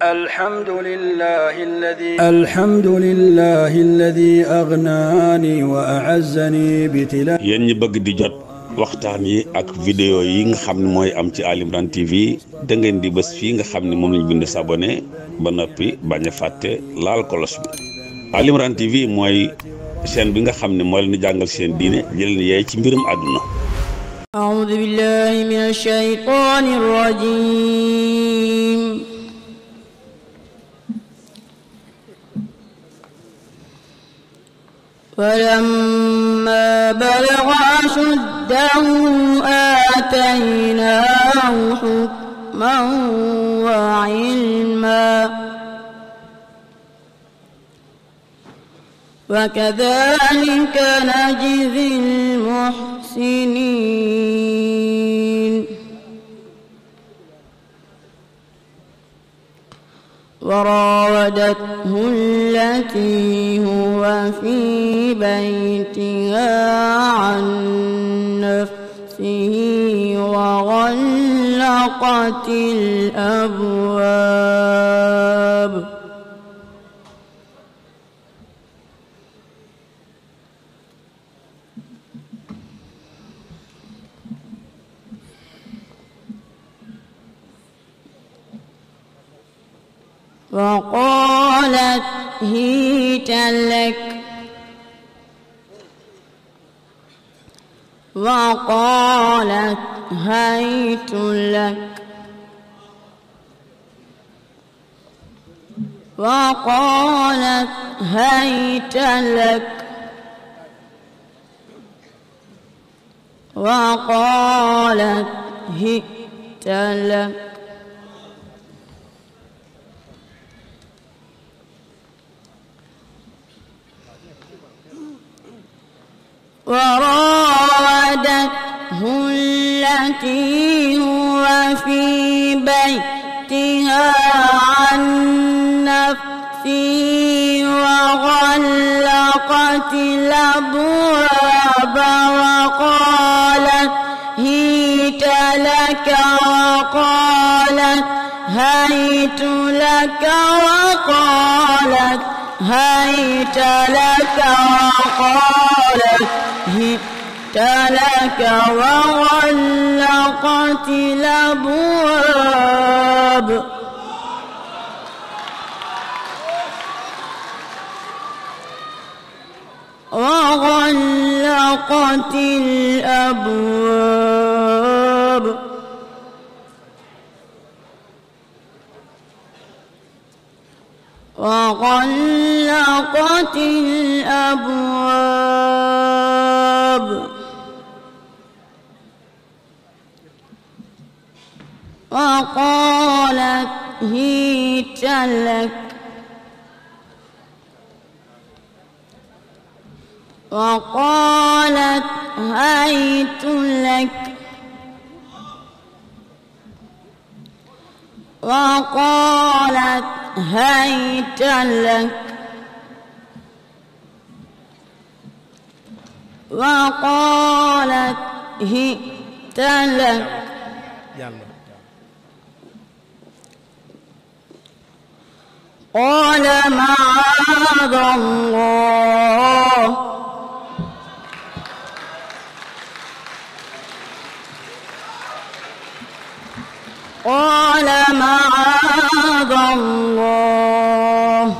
الحمد لله الذي الحمد لله الذي أغناني وأعزني بتلاوة yéen ñi bëgg di jot waxtaan yi ak vidéo yi nga xam ne mooy am ci Ali Imran TV da ngeen di bés fii nga xam ne moom lañ bind s'abonner ba noppi bañ a fàtte laal kolos bi Ali Imran TV mooy chaîne bi nga xam ne moo leen di jàngal seen diine jëleen yeey ci mbirum àdduna. أعوذ بالله من الشيطان الرجيم فلما بلغ أشده آتيناه حكما وعلما وكذلك نجزي المحسنين وراودته التي هو في بيتها عن نفسه وغلقت الأبواب وقالت هيت لك وقالت هيت لك وقالت هيت لك وقالت هيت لك وراودته التي هو في بيتها عن نفسه وغلقت الابواب وقالت هيت لك وقالت هيت لك وقالت هيت لك وقالت هيت لك وغلقت الأبواب وغلقت الأبواب وغلقت الأبواب وقالت هيت لك وقالت هيت لك وقالت هيت لك وقالت هئت لك قال معاذ الله قال معاذ الله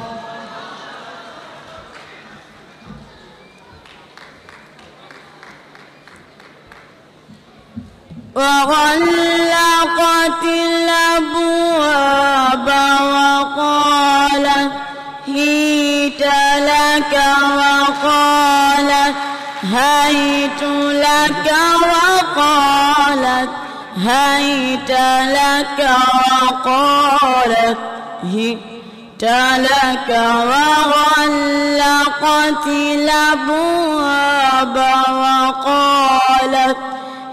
وغلقت الأبواب وقالت هيت لك وقالت هيت لك وقالت هيت لك وقالت هئت لك وغلقت الأبواب وقالت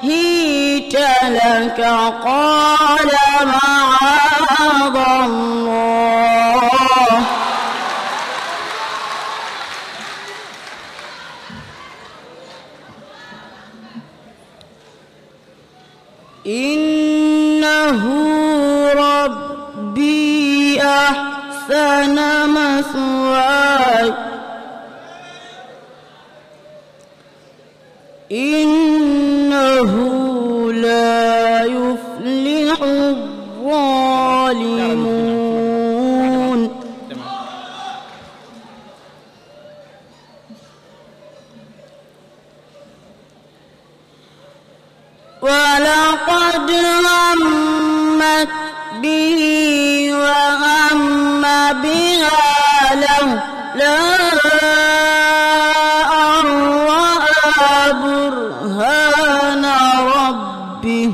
هيت لك قال معاذ الله إنه لا يفلح الظالمون ولقد همت به وهم بها لولا برهان ربه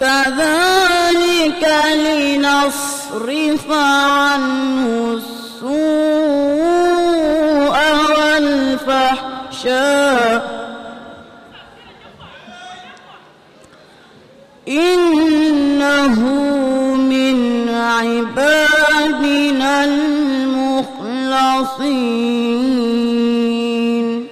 كذلك لنصرف عنه السوء والفحشاء الطين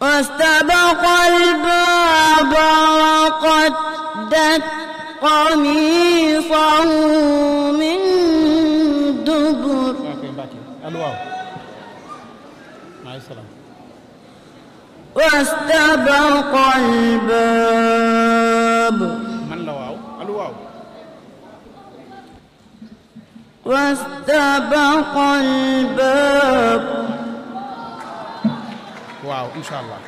واستبق الباب وقدت قميصه من دبر واستبق الباب واستبق الباب waaw incha allah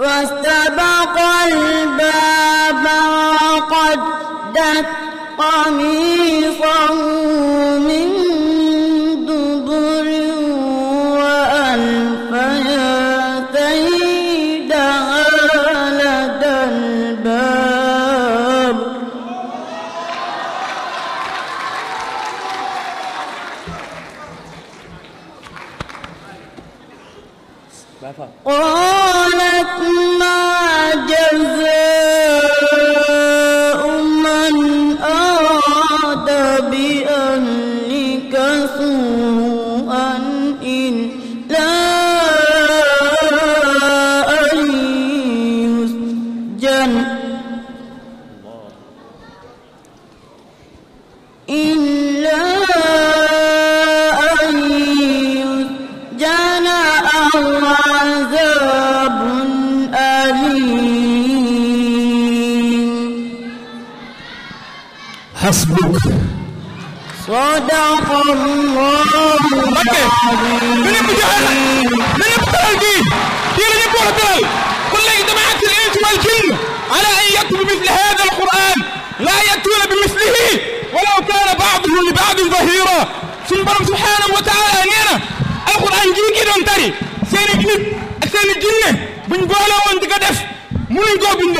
واستبق الباب وقدت قميصه hasbuk sadaqallahu Mbacké na ñëpp joxe na ñëpp teral gi kii la ñëpp war a teral kon léegi jamaat al insi wal jinn ala an yatu bi misli hada al quran la yatuuna bi mislihi walaw kaana baaduhum li baadin zahira suñu borom subhanahu wa taala nee na alquran jii ngi doon tari seeni nit ak seeni jinne buñ boole woon di ko def mënuñ koo bind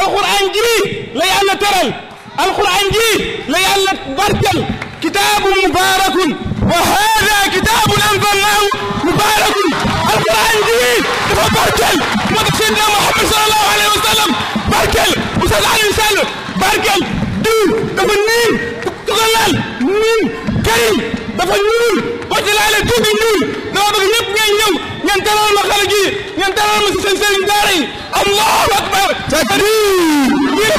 alquran jii la yàlla teral alquran ji la yàlla barkel kitaabu mubaarakun wa haada kitaabun anzalnaahu mubaarakun alquran ji dafa barkel moo tax seydina Muhammad sallallahu alayhi wa sallam barkel Oustaz Alioune Sall barkel diw dafa niin tugal laal niin karim dafa ñuul wacci laale tuuti ñuul dama bëgg ñëpp ngeen ñëw ngeen dalal ma xale gi ngeen dalal ma si seen sëriñ daara yi allahu akbar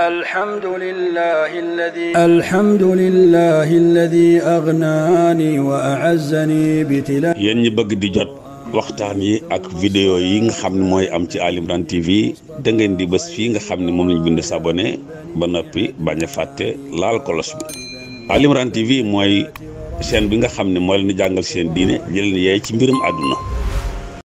الحمد لله الذي الحمد لله الذي أغناني وأعزني بتلا yéen ñi bëgg di jot waxtaan yi ak vidéo yi nga xam ne mooy am ci Ali Imran TV da ngeen di bés fii nga xam ne moom lañ bind s'abonner ba noppi bañ a fàtte laal kolos bi Ali Imran TV mooy chaîne bi nga xam ne moo leen di jàngal seen diine jëleen yaay ci mbirum àdduna